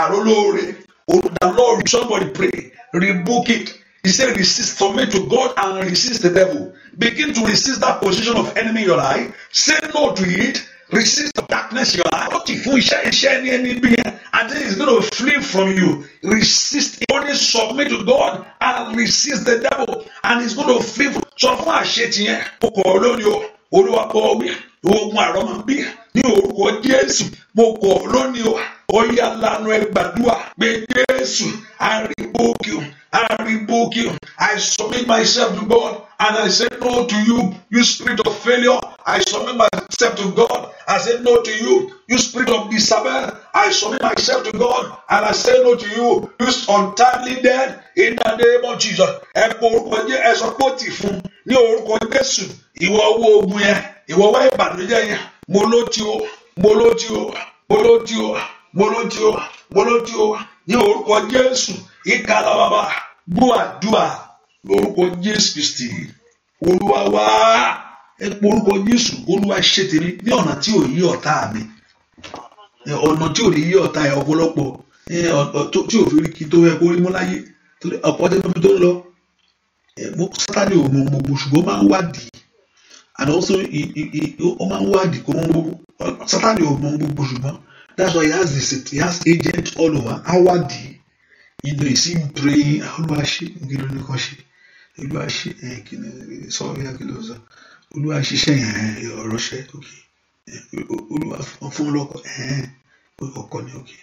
àrólóore the somebody pray rebuke it he said resist submit to god and resist the devil begin to resist that position of enemy in your life say no to it resist the darkness you are ó ti fún iṣẹ́ iṣẹ́ ní ẹni bí and then it's going to flee from you resist only submit to God and resist the devil and it's gonna flee from fún àṣetì yẹn o kọ̀ lónìí o olúwa kọ wí oògùn àrọ́mọ bí ní orúkọ Jésù mo kọ̀ lónìí o ọ̀yà lanu ẹgbàdúrà pé Jésù I rebuke you I rebuke you I submit myself to God And I say no to you, you spirit of failure. I submit myself to God. I say no to you, you spirit of dishabille. I submit myself to God. And I say no to you, you untimely dead. In the name of Jesus. Ẹ pọ orúkọ jẹ́ ẹ sọ pé ó ti fún ní orúkọ Jésù. Ìwọ owó ogun yẹn, ìwọ wá ìbànújẹ́ yẹn. Mo ló ti o, mo ló ti o, mo ló ti o, mo ló ti o, mo ló ti o. Ní orúkọ Jésù, ìkàlà bàbá, gbọ́ àdúrà lórúkọ jésù kristi olúwa wá ẹ pé orúkọ jésù olúwa ṣe tèmi ní ọ̀nà tí ò yí ọ̀tá mi ọ̀nà tí ò ní yí ọ̀tá ẹ ọ̀pọ̀lọpọ̀ tí ò fi rí kí tó yẹ kó rí mú láyé ọ̀pọ̀ tí wọ́n fi tó ń lọ sátani ò mọ gbogbo ṣùgbọ́n máa ń wádìí and also ó máa ń wádìí kó mọ gbogbo sátani ò mọ gbogbo ṣùgbọ́n that's why he has this he has agent all over á you know he see praying olúwa ṣe kí ló ní olúwa ṣe kíni sọ yà kí ló sọ olúwa ṣiṣẹ́ yẹn ọ̀rọ̀ ṣẹ́ òkè olúwa fún ọlọ́kọ̀ ọkọ ni òkè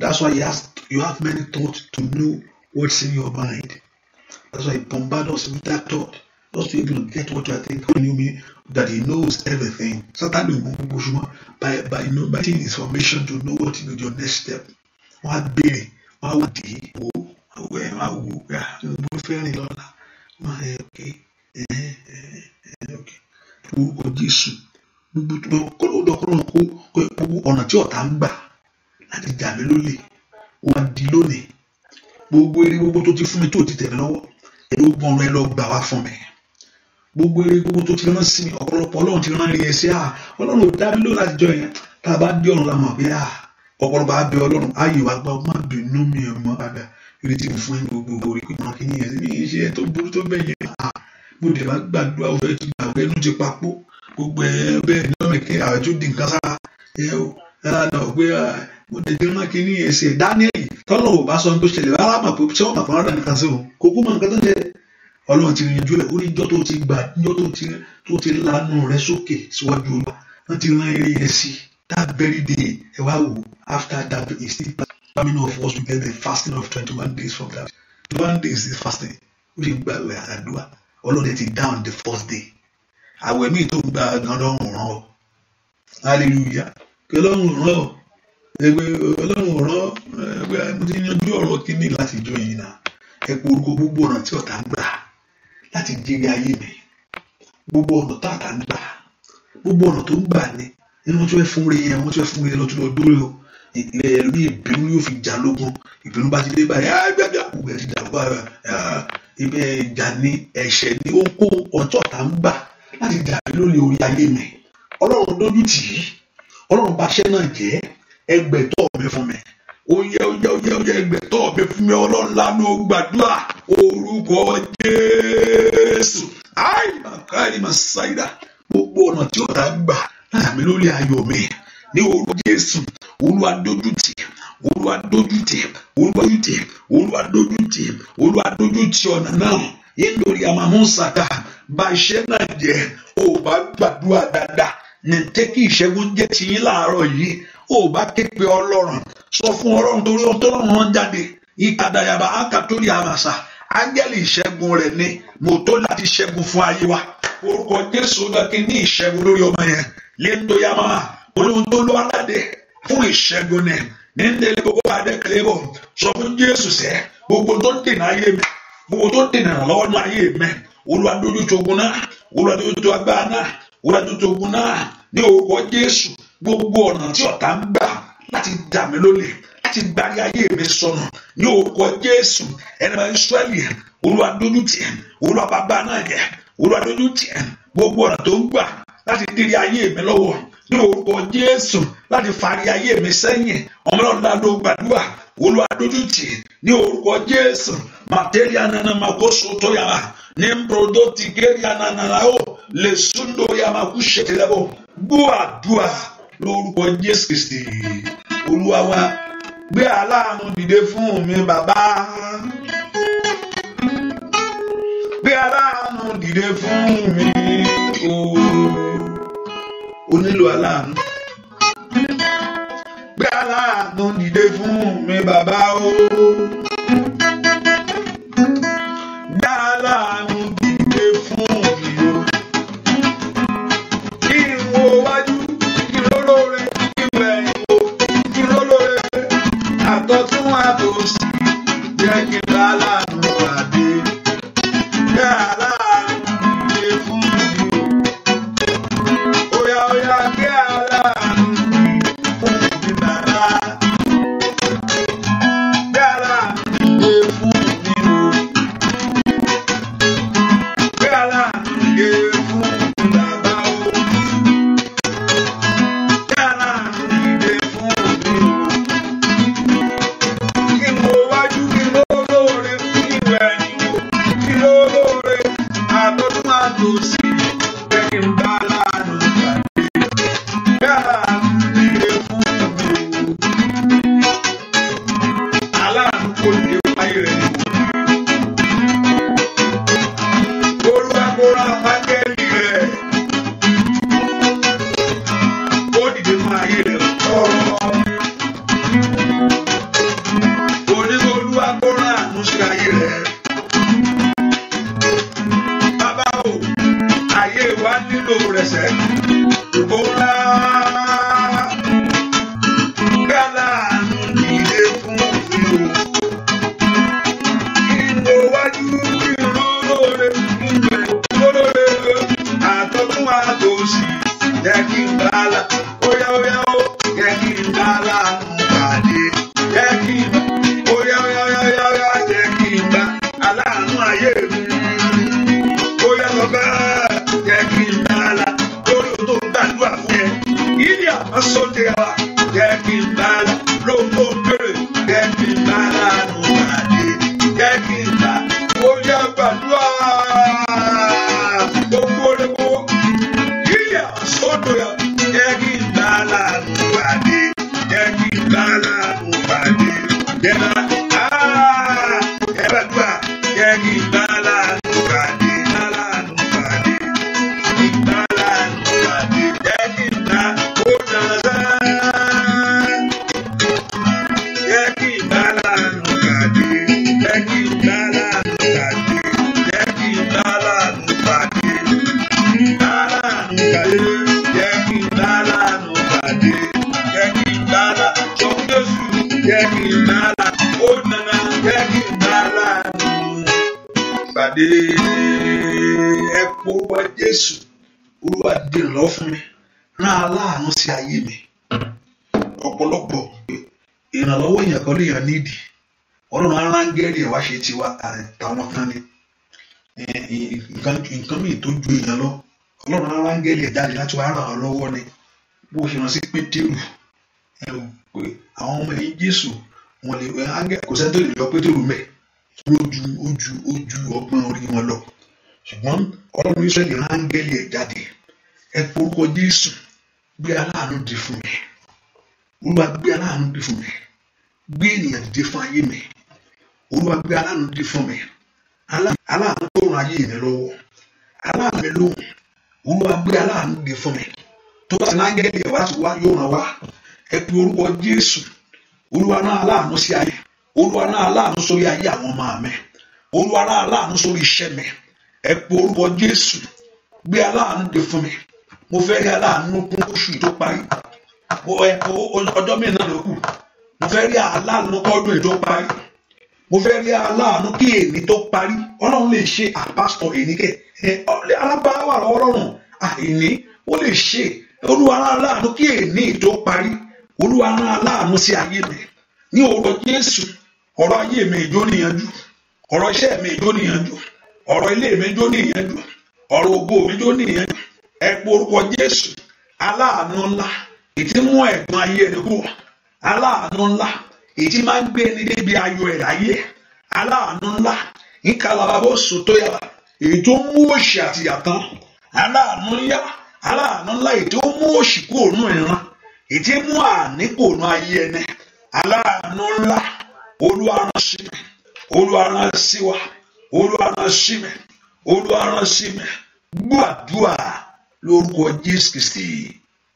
that's why you have, you have many thoughts to know what's in your mind that's why he bombard us with that thought just to be able to get what you are thinking you mean that he knows everything satan lè mú gbogbo ṣùgbọ́n by by you know by taking information to know what is your next step wọ́n á béèrè wọ́n á wà dé wò wọ́n á wò ó ah, gbogbo fẹ́ràn lọ́la ok é é é okay okay orúkọ Jésù gbogbo ọkọlọ́run kó gbogbo ọ̀nà tí ọ̀tá ń gbà láti jà mí lólè ó wá di lónìí gbogbo eré gbogbo tó ti fún mi tó ti tẹ̀ mí lọ́wọ́ ẹ̀rọ gbọ́n rẹ lọ gbà wá fún mi gbogbo eré gbogbo tó ti rán sí mi ọ̀pọ̀lọpọ̀ ọlọ́run ti rán rí ẹ sí à ọlọ́run ò dá mi lóhùn láti jọ yẹn tá a bá dé ọ̀run la mọ̀ bí à ọ̀pọ̀lọpọ̀ abẹ ọlọ́run ayé wa gba ọmọ àbínú mi ẹ̀ mọ́ padà ìrètí mi fún ẹni gbogbo orí pé màá kí ni ẹ̀ sí ní iṣẹ́ tó burú tó bẹ̀ yẹn à mo dẹ̀ máa gbàdúrà ọ̀fẹ́ kí gbàgbẹ́ inú ti papò gbogbo ẹ̀ bẹ́ẹ̀ ní ọ̀rẹ́ kí àjọ di nǹkan sára ẹ̀ o ẹ̀rọ pé mo dẹ̀ dé máa kí ni ẹ̀ sí Daniel tọ́lọ̀ ò bá sọ tó ṣẹlẹ̀ rárá mà pé ṣé wọ́n mà fún ara nìkan sí o kò kú mọ nǹkan tó ṣẹlẹ̀ ọlọ́run ti rìn that very day ẹ wá wò after that he still plan many of us began the fasting of twenty-one days from that twenty-one days is fasting We ṣe gba àwẹ̀ àdúrà ọlọ́run ti down the first day àwẹ̀ míì tó gba ọlọ́run ràn ọ́ hallelujah kí ọlọ́run ràn ọ́ ẹgbẹ́ ọlọ́run ràn ọ́ ẹgbẹ́ mo ti yanjú ọ̀rọ̀ kínní láti jọ yìí náà ẹ pé orúkọ gbogbo ọ̀nà tí ọ̀tá ń gbà láti jèrè ayé mi gbogbo ọ̀nà tó àtà ń gbà gbogbo ọ̀nà tó ń gbà ni ẹni wọ́n tún fẹ́ fún rẹ yẹn wọ́n tún fẹ́ fún rẹ lọ́tún lọ dúró yọ ilẹ̀ ẹlòmí ìbínú yóò fi jà lógun ìbínú bá ti dé báyìí ah, gbàgbà gbogbo ẹ̀ ti dàrú báyìí ah, ibẹ̀ ìjà ni ẹ̀ṣẹ̀ ni ó ń kó ọjọ́ tá ń gbà láti dàbí lórí orí ayé mi ọlọ́run dójú tì í ọlọ́run bá ṣẹ́ náà jẹ́ ẹgbẹ̀tọ́ mi fún mi oyè oyè oyè oyè ẹgbẹ̀tọ́ mi fún mi ọlọ́run lánàá gbàdúrà orúkọ jésù àìmọ̀kárìmọ̀ ṣáìdà gbogbo ọ̀nà tí ó dá gbà àmì lórí ayọ̀ mi ní orúkọ Jésù Olúwa dójú tì Olúwa dójú tì Olúwa dójú tì Olúwa dójú tì Olúwa dójú tì ọ̀nà náà nítorí àmàmúsàtà bá iṣẹ́ náà jẹ́ ò bá gbàdúrà dáadáa ní jẹ́ kí ìṣẹ́gun jẹ́ tiyín láàárọ̀ yìí ò bá képe ọlọ́run sọ fún ọlọ́run torí ọtọ́lọ́run rán jáde ìkàdàyàbá akàtórí àmàṣà ángẹ́lì ìṣẹ́gun rẹ̀ ni mo tó láti ṣẹ́gun fún ayé wa orúkọ Jésù náà ní ìṣẹ́gun lórí ọmọ yẹn yendoyama olóhùn tó lọ aládé fún ìṣẹ́gun ni níndélé gbogbo adékèlé bò sọ fún jésù sẹ gbogbo tó dènà ayé mi gbogbo tó dènà lọ́wọ́ ní ayé mi olùwàdójútogun náà olùwàdójútó agbára náà olùwàdójútogun náà ní orúkọ jésù gbogbo ọ̀nà tí ọ̀tá ń gbà láti dà mí lólè láti gbárí ayé mi sọnù ní orúkọ jésù ẹni máa olùwàdójútì olùwàbàbà náà yẹ olùwàdójútì gbogbo ọ̀nà tó ń gbà láti dírí ayé mi lọ́wọ́ ní orúkọ Jésù láti fari ayé mi sẹ́yìn ọmọ náà dáadọ́ gbàdúrà Olúwa dójú tì ní orúkọ Jésù màtẹ́rì ànànà màkóso tó yàrá ní mbrodo ti gẹ́rì ànànà ó lè súndó yàrá kú ṣètìlẹ́bọ̀ gbúàdúà lórúkọ Jésù Kristi Olúwa wa gbé aláàánú dìde fún mi bàbá gbé aláàánú dìde fún mi ooo o nílò aláàánú gbé aláàánú dìde fún mi bàbá ooo gbé aláàánú dìde fún mi ooo kí n wo wájú kí n lólóore kí n bẹ̀yìn kí n lólóore àtọ̀tún àtòsì jẹ́ kí n. téèyàn nídìí ọlọ́run arángẹ́rì ẹ̀ wá ṣe tiwa àtàwọn kan ni nǹkan mìíràn tó ju èèyàn lọ ọlọ́run arángẹ́rì ẹ̀ jáde láti wá ràn án lọ́wọ́ ni bó ṣe rán sí pétérù pé àwọn ọmọ ẹ̀yìn jésù wọn lè kò sẹ́ni tó lọ pétérù mẹ́ lójú ojú ojú ọgbọ́n orí wọn lọ ṣùgbọ́n ọlọ́run israẹli rángẹ́lì ẹ̀ jáde ẹ porúkọ jésù gbé aláàánú di fún mi olúwa gbé aláàánú di fún mi gbé ènìyàn fún ayé mi olúwa gbé aláàánú dìde fún mi tó ràn ayé mi lọ́wọ́ aláàánú mi gbé aláàánú dìde fún mi tó bá ti náà gẹ́gẹ́ ìyàwó láti wá yóò ràn wá ẹ orúkọ jésù olúwa náà sí ayé olúwa náà aláàánú sórí ayé àwọn ọmọ mi olúwa náà sórí iṣẹ́ mi ẹ jésù gbé mo fẹ́ kún oṣù tó parí ọjọ́ mo fẹ́ rí aláàánú kọ́dún èyí tó parí mo fẹ́ rí aláàánú kí èmi tó parí ọlọ́run lè ṣe àpásítọ̀ èyí kẹ alábàáwà ọlọ́run àìní ó lè ṣe olúwa aláàánú kí èmi tó parí olúwa aláàánú sí ayé mi ní ọ̀rọ̀ Jésù ọ̀rọ̀ ayé mi ìjó níyanjú ọ̀rọ̀ iṣẹ́ mi ìjó níyanjú ọ̀rọ̀ ilé mi ìjó níyanjú ọ̀rọ̀ ògo mi ìjó níyanjú ẹ pe orúkọ Jésù aláàánú ńlá ìtí mú ẹ̀gbọ́n ayé aláàánú ńlá èyí máa ń gbé ẹni débi ayọ̀ ẹ̀ láyé aláàánú ńlá ńkàlàbàbò sòtó yàrá èyí tó mú òṣì àti yàtàn aláàánú yá aláàánú ńlá èyí tó mú òṣì kú òun ìran èyí tí mú àní kò nu ayé ẹni aláàánú ńlá olúwaránṣẹ́ olúwaránṣẹ́ wa olúwaránṣẹ́ mi lórúkọ Jésù Kristi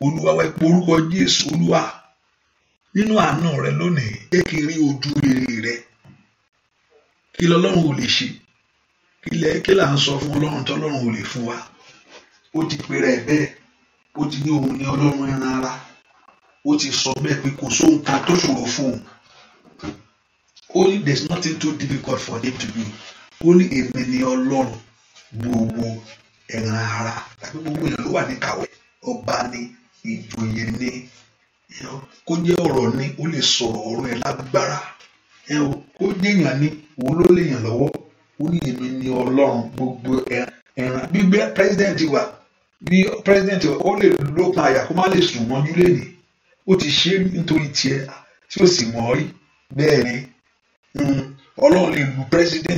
olúwa wẹ̀ pé orúkọ Jésù olúwa nínú àánú rẹ lónìí jẹ́ kí n rí ojú rere rẹ kí lọ́lọ́run ò lè ṣe kí lẹ́ kí là ń sọ fún ọlọ́run tọ́lọ́run ò lè fún wa ó ti pèrè ẹ̀ bẹ́ẹ̀ ó ti ní òun ní ọlọ́run ẹran ara ó ti sọ bẹ́ẹ̀ pé kò sóhun kan tó ṣòro fún òun ó there is nothing too difficult for them to do Only ní èmi ni ọlọ́run gbogbo ẹran ara tàbí gbogbo ìlú wà ní kàwé ọba ni ìjòyè ni kó jẹ́ ọ̀rọ̀ ni ó lè sọ̀rọ̀ ọ̀rọ̀ ẹ̀ lágbára kó jẹ́yàn ni òun ló lè yàn lọ́wọ́ ó ní èmi ni ọlọ́run gbogbo ẹran bí ó lè àyà kó lè sùn mọ́jú lẹ́nìí ó ti ṣe nítorí tiẹ̀ tí ó sì mọ̀ bẹ́ẹ̀ ni mm, ọlọ́run lè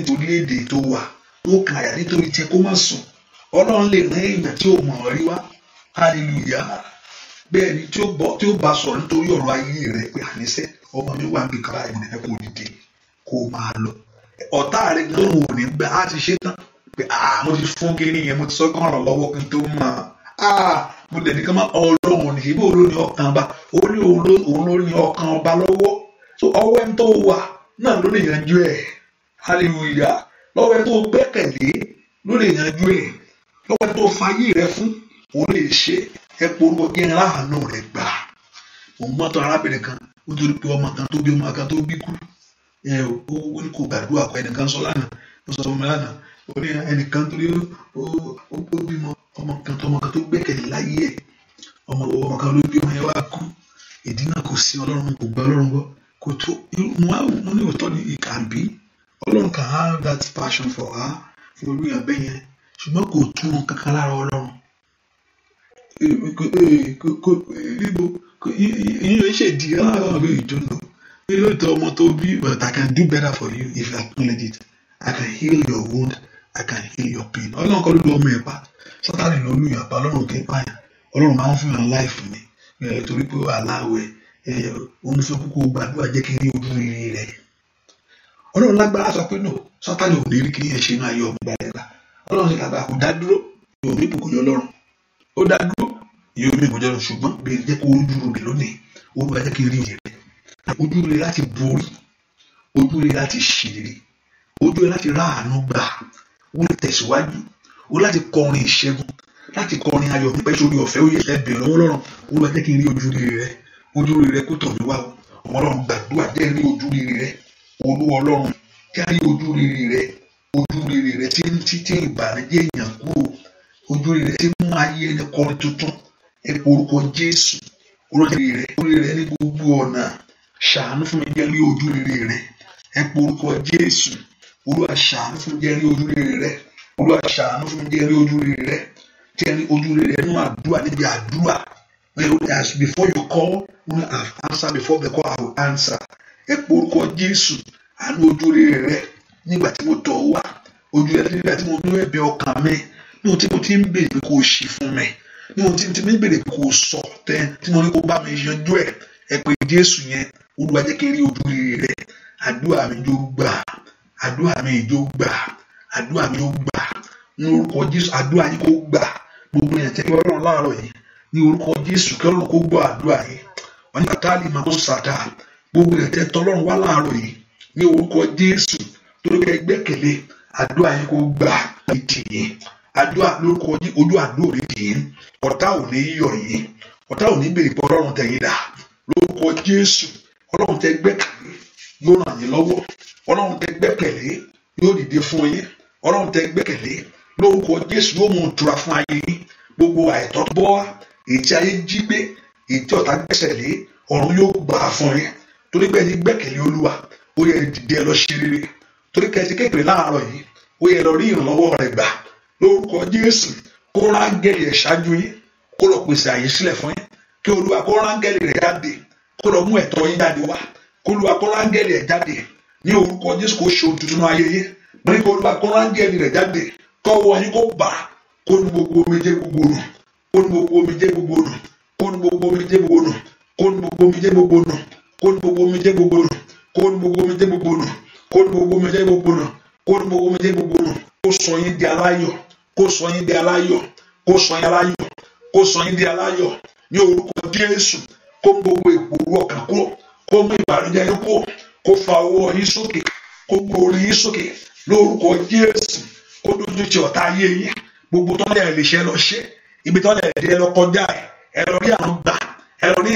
lu orílẹ̀-èdè tó bẹ́ẹ̀ ni tí ó bọ́ tí ó bá sọ̀rọ̀ nítorí ọ̀rọ̀ ayé rẹ pé àníṣe ọmọ mi wà níbi kan báyìí ẹ kò dìde kó máa lọ ọ̀tá rẹ gan ò ní gbà á ti ṣe tán pé mo ti fún kí nìyẹn mo ti sọ kán ràn lọ́wọ́ kí n tó mọ̀ mo lè ní ká má ọlọ́run ní ibo ló ní ọkàn ọba ó ní òun ló ní ọkàn ọba lọ́wọ́ tó ọwọ́ ẹni tó wà náà ló lè yanjú ẹ̀ hallelujah lọ́wọ́ ẹni tó gbẹ́kẹ̀lé ló lè yanjú ẹ̀ lọ́wọ́ ẹni tó fayé rẹ fún òun lè ṣe ẹ porúkọ kí ẹran láàánú rẹ gbà òun mọ́tò arábìnrin kan nítorí pé ọmọ kan tó bí ọmọ kan tó bí kú ẹ ó ní kò gbàdúrà kọ ẹnìkan sọ lánàá ó sọ fún lánàá ó ní ẹnìkan torí ó ọmọ kan tó ọmọ kan tó láyé ọmọ ọmọ kan ló bí ọmọ yẹn wá kú ìdí náà kò sí kò you You yíyọ ṣèdí aláwọ̀ bí You know, lóòótọ́ ọmọ tó bí but I can do better for you if I acknowledge it I can heal your wound I can heal your pain ọlọ́run kọ́ ló lu ọmọ ẹ̀ pa sátani ló lu ìyàpá ọlọ́run kì í pààyàn ọlọ́run máa ń fún yàn láìfù ni torí pé aláwẹ̀ òun sọ kókó gbàdúrà jẹ́ kí n rí ojú rere rẹ̀ ọlọ́run lágbára sọ pé no sátani ò ní rí kí n yẹn ṣe máa yọ ọmọ ìgbàlẹ̀ gbà ọlọ́run sì lágbára kò dá dúró yóò ní ìbùkún yọ ọlọ́run ó dá dúró yóò mi ìgbọ́njẹ́ lọ ṣùgbọ́n bí jẹ́ kó ojú rẹ̀ lónìí olúwa jẹ́ kí n rí iye rẹ̀ ojú rẹ̀ láti borí ojú rẹ̀ láti ṣèlérí ojú rẹ̀ láti ráàánú gbà ó lè tẹ̀síwájú ó láti kọrin ìṣẹ́gun láti kọrin ayọ̀ nípa ìṣòro ọ̀fẹ́ ó yẹ ẹ bèrè lọ́wọ́ lọ́rùn olúwa jẹ́ kí rí ojú rere ojú rere kó tọ̀ mí wá o nínú ayé ẹni kọrin tuntun ẹ pe orúkọ Jésù orí rẹ orí rẹ ní gbogbo ọ̀nà ṣàánú fún mi jẹ́ rí ojú rere rẹ ẹ pe orúkọ Jésù Olúwa ṣàánú fún mi jẹ́ rí ojú rere rẹ Olúwa ṣàánú fún mi jẹ́ rí ojú rere rẹ jẹ́ rí ojú rere rẹ nínú àdúrà níbi àdúrà as before you call una have answer before the call I will answer ẹ pe orúkọ Jésù àánú ojú rere rẹ nígbà tí mo tọ̀ wá ojú rere nígbà tí mo ní ẹ̀bẹ̀ ọkàn mi ní ohun tí mo ti ń béèrè pé kó o ṣe fún mi ní ohun tí mo ti ń béèrè pé kó o sọ tẹ tí mo ní kó o bá mi yanjú ẹ ẹ pé Jésù yẹn Olúwa jẹ́ kí n rí ojú rere rẹ àdúrà mi jó gbà àdúrà mi jó gbà àdúrà mi jó gbà ní orúkọ Jésù àdúrà yín kó gbà gbogbo yẹn tẹ́ kí wọ́n lọ́rùn láàárọ̀ yìí ní orúkọ Jésù kí Ọlọ́run kó gbọ́ àdúrà yìí wọ́n ní kàtàlì màá kó sàtà gbogbo yẹn tẹ́ tọ́lọ́run wá láàárọ̀ yìí ní orúkọ Jésù torí pé àdúrà yín kó gbà ìdí àdúrà lórúkọ ojú àdúrà òní kì í ọ̀tá òní yọ̀ yín ọ̀tá òní bèrè pé ọlọ́run tẹ̀yìn dà lórúkọ jésù ọlọ́run tẹ gbẹ́kẹ̀lé yóò ràn yín lọ́wọ́ ọlọ́run tẹ gbẹ́kẹ̀lé yóò dìde fún yín ọlọ́run tẹ gbẹ́kẹ̀lé lórúkọ jésù yóò mú ìtura fún ayé yín gbogbo àìtọ́ bọ́ wá ètí ayé jí gbé ètí ọ̀tá gbẹ́sẹ̀ lé ọ̀run yóò gbà á fún yín torí pé ẹni gbẹ́kẹ̀lé olúwa ó yẹ dìde lọ ṣe rere torí pé ẹ ti kékeré láàárọ̀ yìí ó yẹ lọ rí ìrànlọ́wọ́ rẹ̀ gbà lórúkọ Jésù kó rángẹ́lì ẹ̀ ṣáájú yín kó lọ pèsè àyè sílẹ̀ fún yín kí Olúwa kó rángẹ́lì rẹ̀ jáde kó lọ mú ẹ̀tọ́ yín jáde wá kó Olúwa kó rángẹ́lì ẹ̀ jáde ní orúkọ Jésù kó ṣe òtútù náà ayẹyẹ bí kó Olúwa kó rángẹ́lì rẹ̀ jáde kọ́ wọ yín kó bà kó nu gbogbo omijé gbogbo nù kó nu gbogbo omijé gbogbo nù kó nu gbogbo omijé gbogbo nù kó nu gbogbo omijé gbogbo nù kó nu gbogbo omijé gbogbo nù kó nu gbogbo omijé gbogbo nù kó nu gbogbo omijé gbogbo nù kó nu gbogbo omijé gbogbo nù kó sọ yín di aláyọ̀ kó sọ yín di aláyọ̀ kó sọ yín aláyọ̀ kó sọ yín di aláyọ̀ ní orúkọ Jésù kó mú gbogbo ìpòrú ọkàn kúrò kó mú ìbànújẹ́ yín kúrò kó fa ọwọ́ yín sókè kó gbó orí yín sókè lórúkọ Jésù kó dójú ti ọ̀tá ayé yín gbogbo tó ń lẹ̀ lè ṣe lọ ṣe ibi tó ń lẹ̀ lè lọ kọjá ẹ lọ rí àrùn gbà ẹ lọ rí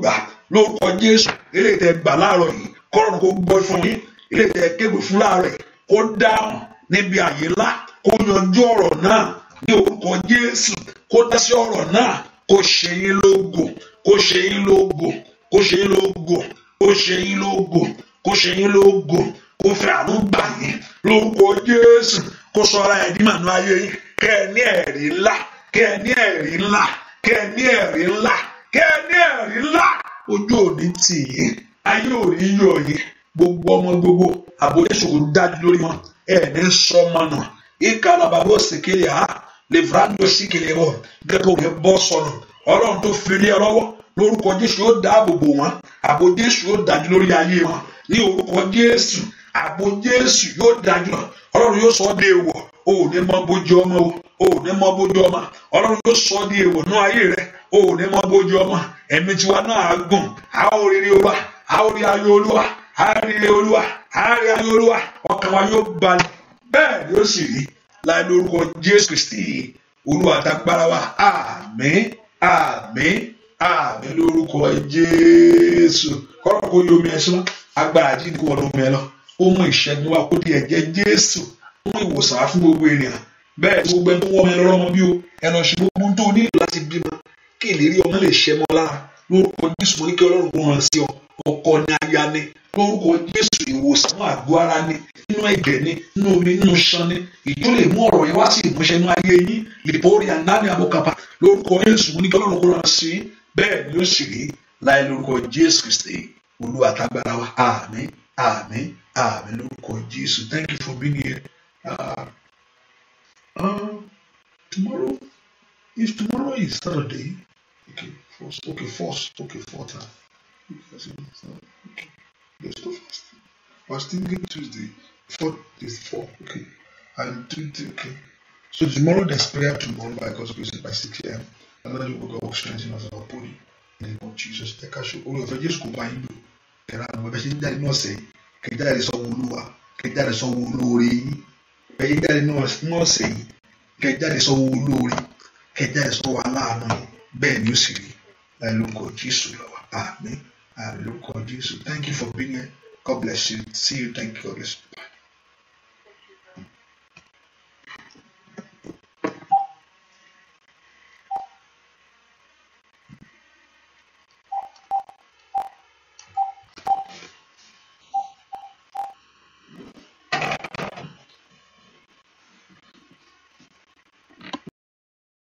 gbà lórúkọ Jésù eléyìí tẹ́ gbà láàárọ̀ yìí kọ́rọ̀ kó gbọ́ fún yín eléyìí tẹ́ kégbè fún láàárọ̀ yìí kó dáhùn níbi àyè ńlá kó yanjú ọ̀rọ̀ náà ní orúkọ Jésù kó dá sí ọ̀rọ̀ náà kó ṣe yín lógo kó ṣe yín lógo kó ṣe yín lógo kó ṣe yín lógo kó ṣe yín lógo kó fẹ́ àánú gbà yín lórúkọ Jésù kó sọra ẹ̀dí màánú ayé yín kẹ́ ẹ ní ẹ̀rí ńlá kẹ́ ẹ ní ẹ̀rí ńlá kẹ́ ẹ ní ẹ̀rí ńlá kẹ́ ẹ ní ẹ̀rí ńlá ojú òní tì yín ayé òní yọ̀ yín gbogbo ọmọ gbogbo àbójútó dájú lórí wọn ẹ̀ ní sọmọ náà ìkàlàbàbò sìkìlì ha livrando sìkìlì wọ gẹ́gẹ́ òun bọ́ sọ̀rọ̀ ọlọ́run tó fìlí ẹ lọ́wọ́ lórúkọ jésù yóò dáàbò bò wọn àbò jésù yóò dájú lórí ayé wọn ní orúkọ jésù àbò jésù yóò dájú lọ ọlọ́run yóò sọ ọ́ dé ewọ̀ o ò ní mọ bójú ọmọ o ò ní mọ bójú ọmọ ọlọ́run yóò sọ ọ́ dé ewọ̀ ayé rẹ o ò ní mọ bójú ọmọ ẹ̀mí tiwa náà gùn a ó rí olúwa a ó rí ayé olúwa a rí rí olúwa a rí ayé olúwa ọkàn wa yóò balẹ̀ bẹ́ẹ̀ ni ó sì rí láì lórúkọ Jésù Kristi Olúwa wa àmín àmín àmín lórúkọ Jésù kọ́rọ̀ kó yọ omi ẹ sọ́nà agbára jíde kó wọnú omi ẹ lọ ó mú ìṣẹ́gun wa kó di ẹ̀jẹ̀ Jésù ó mú ìwòsàn wá fún gbogbo ènìyàn bẹ́ẹ̀ gbogbo ẹni tó wọ́n mi lọ́rọ́ mọ bí o ẹnu ṣe gbogbo tó nílò láti bímọ kí ìlérí ọmọ lè ṣẹ́ mọ́ lára lórúkọ Jésù mo ní kí Ọlọ́run kó ràn sí ọ ọkọ ni aya ni lórúkọ Jésù ìwòsàn fún àgọ́ ara ni nínú ẹ̀jẹ̀ ni nínú omi nínú ṣan ni ìjọ lè mú ọ̀rọ̀ yẹn wá sí ìmúṣẹ inú ayé yín lìpọ́ọ̀rì ànáni àbọ̀kàpà lórúkọ Jésù ní kọ́lọ́run kó rán sí bẹ́ẹ̀ ni ó sì rí láì lórúkọ Jésù Kristi Olúwa tágbára wa àmín àmín àmín lórúkọ Jésù thank you for being here uh, uh, tomorrow if tomorrow is Saturday okay first okay first okay fourth time. Ah. So, okay. Let's go fast. Fasting Tuesday, fourth is four. Okay. And Tuesday, okay. So tomorrow there's prayer tomorrow by God's grace by 6 a.m. And then you go strengthen us our body. In the name of Jesus. Ẹ ká ṣe orí ọ̀fẹ́ Jésù kò bá yín lò. Kẹ̀rẹ́ àwọn ọmọ ẹgbẹ́ ṣe ń jáde náà sẹ́yìn. Kẹ̀ jáde sọ́wọ́ olúwa. Kẹ̀ jáde sọ́wọ́ olóore yín. Kẹ̀ yín jáde náà sẹ́yìn. Kẹ̀ jáde sọ́wọ́ olóore. Kẹ̀ jáde sọ́wọ́ aláàánú. Bẹ́ẹ̀ ni ó sì rí. Láì lóko Jésù lọ́wọ́. Àmín. Hallelujah, Lord Jesus. Thank you for being here. God bless you. See you. Thank you. God bless you. Bye.